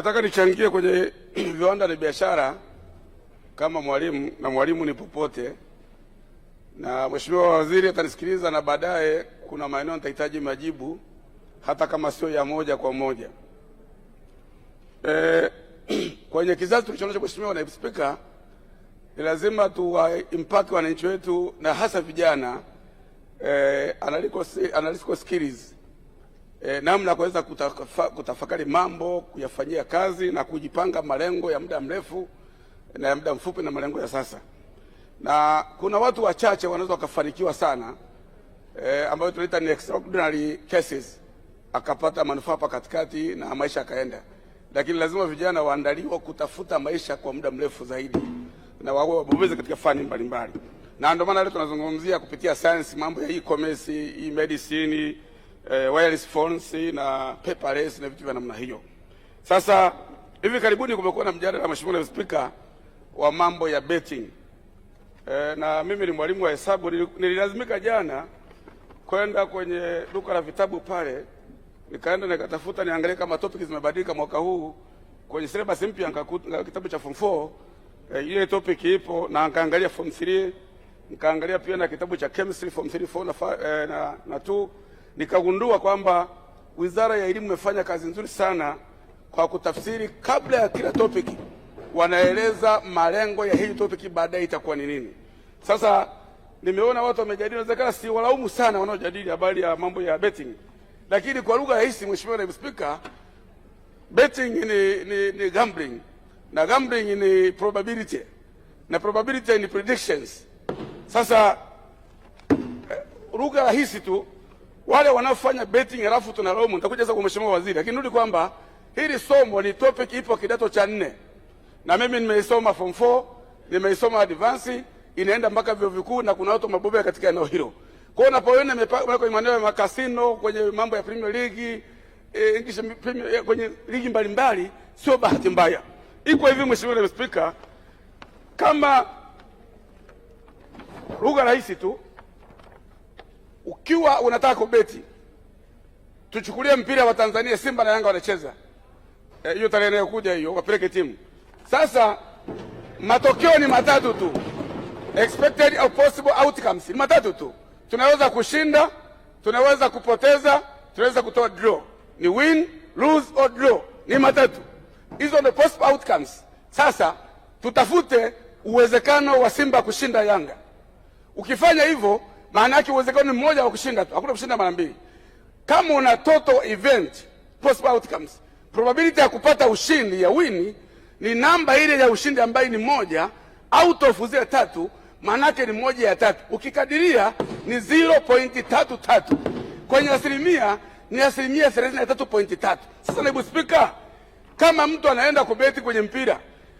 Nataka nichangie kwenye viwanda na biashara kama mwalimu, na mwalimu ni popote, na mheshimiwa waziri atanisikiliza, na baadaye kuna maeneo nitahitaji majibu hata kama sio ya moja kwa moja. E, kwenye kizazi tulichonacho mheshimiwa naibu spika, ni lazima tuwaimpaki wananchi wetu na hasa vijana e, analytical skills e, namna kuweza kutafa, kutafakari mambo, kuyafanyia kazi na kujipanga malengo ya muda mrefu na ya muda mfupi na malengo ya sasa. Na kuna watu wachache wanaweza wakafanikiwa sana e, ambayo tunaita ni extraordinary cases, akapata manufaa hapa katikati na maisha akaenda, lakini lazima vijana waandaliwe kutafuta maisha kwa muda mrefu zaidi na wawe wabobezi katika fani mbalimbali, na ndio maana leo tunazungumzia kupitia science mambo ya e-commerce, e-medicine eh, wireless phones na paperless na vitu vya namna hiyo. Sasa hivi karibuni kumekuwa na mjadala, Mheshimiwa Naibu Spika, wa mambo ya betting eh, na mimi ni mwalimu wa hesabu, nililazimika jana kwenda kwenye duka la vitabu pale, nikaenda nikatafuta niangalie kama topic zimebadilika mwaka huu kwenye syllabus mpya, nikakuta kitabu cha form 4 eh, ile topic ipo, na nikaangalia form 3 nikaangalia pia na kitabu cha chemistry form 3 4 na 5, eh, na 2 nikagundua kwamba Wizara ya Elimu imefanya kazi nzuri sana kwa kutafsiri kabla ya kila topiki, wanaeleza malengo ya hii topiki, baadaye itakuwa ni nini. Sasa nimeona watu wamejadili, inawezekana si walaumu sana wanaojadili habari ya mambo ya betting, lakini kwa lugha rahisi, Mheshimiwa Naibu Spika, betting ni, ni, ni gambling na gambling ni probability na probability ni predictions. Sasa eh, lugha rahisi tu wale wanaofanya betting halafu tunalaumu. Nitakuja sasa kwa mheshimiwa waziri, lakini rudi kwamba hili somo ni topic ipo kidato cha nne, na mimi nimeisoma form 4 nimeisoma advance, inaenda mpaka vyuo vikuu na kuna watu mabobea katika eneo hilo. Kwa hiyo unapoona imepaka kwenye maneno ya makasino, kwenye mambo ya Premier League e, English Premier, eh, kwenye ligi mbalimbali, sio bahati mbaya. Iko hivi mheshimiwa Speaker, kama lugha rahisi tu ukiwa unataka kubeti, tuchukulie mpira wa Tanzania, Simba na Yanga wanacheza eh, hiyo e, tarehe inayokuja hiyo, wapeleke timu. Sasa matokeo ni matatu tu, expected or possible outcomes ni matatu tu. Tunaweza kushinda, tunaweza kupoteza, tunaweza kutoa draw. Ni win, lose or draw, ni matatu hizo, ndio possible outcomes. Sasa tutafute uwezekano wa Simba kushinda Yanga. Ukifanya hivyo maana yake uwezekano ni mmoja wa kushinda tu, hakuna kushinda mara mbili. Kama una total event possible outcomes, probability ya kupata ushindi ya wini ni namba ile ya ushindi ambayo ni moja out of zile tatu, maana yake ni moja ya tatu, ukikadiria ni 0.33 kwenye asilimia ni asilimia 33.3. Sasa naibu spika, kama mtu anaenda kubeti kwenye mpira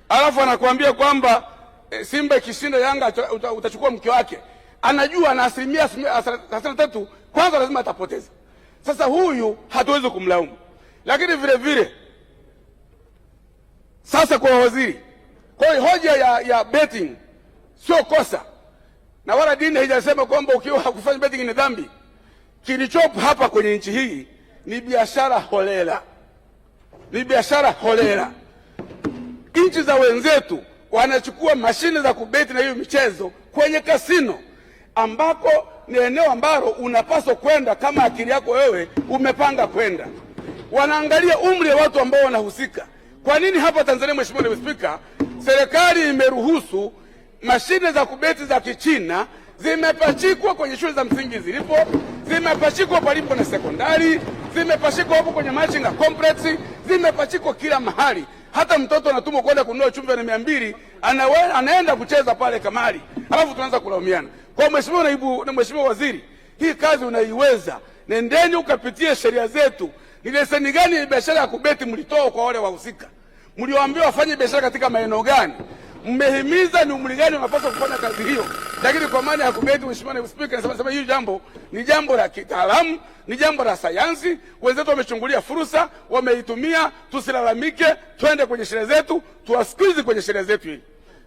alafu anakuambia kwamba e, Simba ikishinda Yanga utachukua mke wake anajua na asilimia thelathini na tatu kwanza lazima atapoteza. Sasa huyu hatuwezi kumlaumu, lakini vile vile sasa kwa waziri, kwa hiyo hoja ya, ya betting sio kosa na wala dini haijasema kwamba ukiwa hakufanya betting ni dhambi. Kilichopo hapa kwenye nchi hii ni biashara holela, ni biashara holela. Nchi za wenzetu wanachukua mashine za kubeti na hiyo michezo kwenye kasino ambako ni eneo ambalo unapaswa kwenda kama akili yako wewe umepanga kwenda. Wanaangalia umri wa watu ambao wanahusika. Kwa nini hapa Tanzania, Mheshimiwa Naibu Spika, serikali imeruhusu mashine za kubeti za Kichina zimepachikwa kwenye shule za msingi zilipo, zimepachikwa palipo na sekondari, zimepachikwa hapo kwenye machinga complex, zimepachikwa kila mahali. Hata mtoto anatumwa kwenda kununua chumvi na mia mbili, anaenda kucheza pale kamari, alafu tunaanza kulaumiana. Kwa mheshimiwa naibu na mheshimiwa waziri, hii kazi unaiweza, nendeni ukapitie sheria zetu. Ni leseni gani ya biashara ya kubeti mlitoa kwa wale wahusika? Mliwaambia wafanye biashara katika maeneo gani? Mmehimiza ni umri gani unapaswa kufanya kazi hiyo? Lakini kwa maana ya kubeti, mheshimiwa naibu spika, nasema sema hili jambo ni jambo la kitaalamu, ni jambo la sayansi. Wenzetu wamechungulia fursa, wameitumia. Tusilalamike, twende kwenye sheria zetu, tuwasikilize kwenye sheria zetu. Hili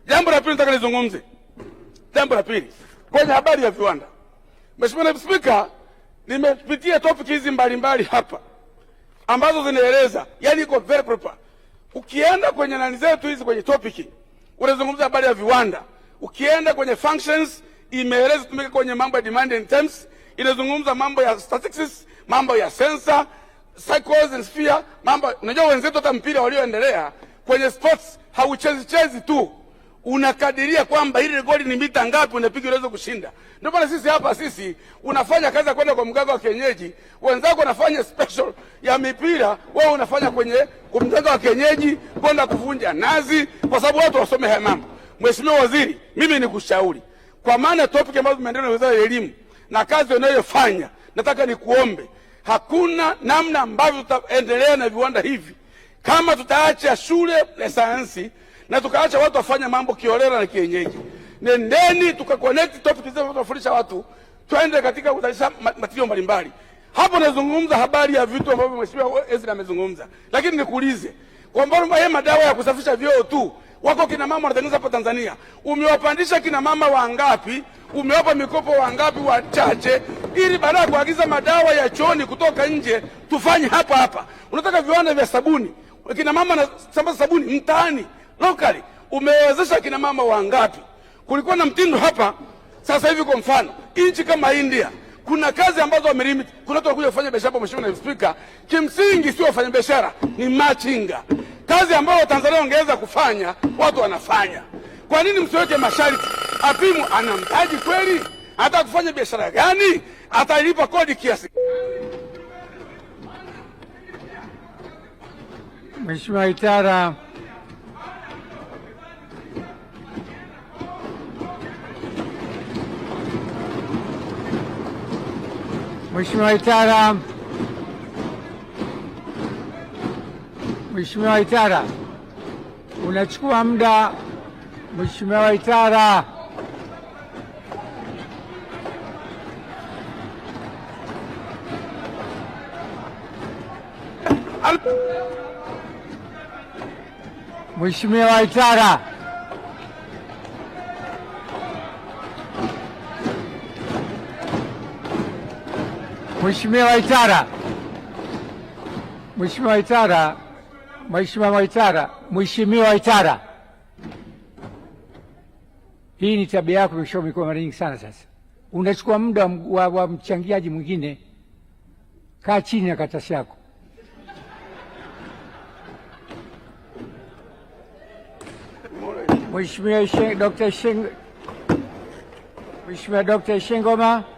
jambo la pili nataka nizungumze, jambo la pili kwenye habari ya viwanda. Mheshimiwa Naibu Spika, nimepitia topic hizi mbalimbali hapa ambazo zinaeleza, yani iko very proper. Ukienda kwenye nani zetu hizi kwenye topic unazungumza habari ya viwanda, ukienda kwenye functions imeeleza tumika kwenye mambo ya demand and terms, inazungumza mambo ya statistics, mambo ya sensor cycles and sphere, mambo unajua wenzetu hata mpira walioendelea kwenye sports hauchezi chezi tu unakadiria kwamba ile goli ni mita ngapi unapiga unaweza kushinda. Ndio maana sisi hapa sisi unafanya kazi ya kwenda kwa mganga wa kienyeji, wenzako wanafanya special ya mipira, wewe unafanya kwenye kwa mganga wa kienyeji kwenda kuvunja nazi, kwa sababu watu wasome haya mambo. Mheshimiwa Waziri, mimi nikushauri kwa maana topic ambazo zimeendelea na Wizara ya Elimu na kazi unayofanya, nataka nikuombe, hakuna namna ambavyo tutaendelea na viwanda hivi kama tutaacha shule ya sayansi na tukaacha watu wafanye mambo kiolela na kienyeji. Nendeni tukaconnect topic zetu, tutafundisha watu, twende katika kuzalisha matirio mbalimbali. Hapo nazungumza habari ya vitu ambavyo mheshimiwa Ezra amezungumza, lakini nikuulize, kwa mfano yeye madawa ya kusafisha vyoo tu, wako kina mama wanatengeneza hapa Tanzania. Umewapandisha kina mama wangapi? Umewapa mikopo wangapi? Wachache, ili baada ya kuagiza madawa ya chooni kutoka nje tufanye hapa hapa. Unataka viwanda vya sabuni, kina mama wanasambaza sabuni mtaani locally umewezesha kina mama wangapi? Kulikuwa na mtindo hapa, sasa hivi kwa mfano nchi kama India kuna kazi ambazo wamelimit. Kuna watu wanakuja kufanya biashara hapa, Mheshimiwa Naibu Spika, kimsingi sio wafanyabiashara, ni machinga, kazi ambayo Watanzania wangeweza kufanya, watu wanafanya. Kwa nini msiweke masharti? Apimu ana mtaji kweli, hata kufanya biashara gani, atalipa kodi kiasi. Mheshimiwa Itara Mheshimiwa Itara, Mheshimiwa Itara, unachukua muda. Mheshimiwa Itara, Mheshimiwa Itara. Mheshimiwa Itara, Mheshimiwa Itara, Mheshimiwa Itara, Mheshimiwa Itara, hii ni tabia yako, imeshakuwa mikono mara nyingi sana sasa. Unachukua muda wa, wa mchangiaji mwingine. Kaa chini na karatasi yako. Mheshimiwa Dr. Sheng Mheshimiwa Dkt. Shengoma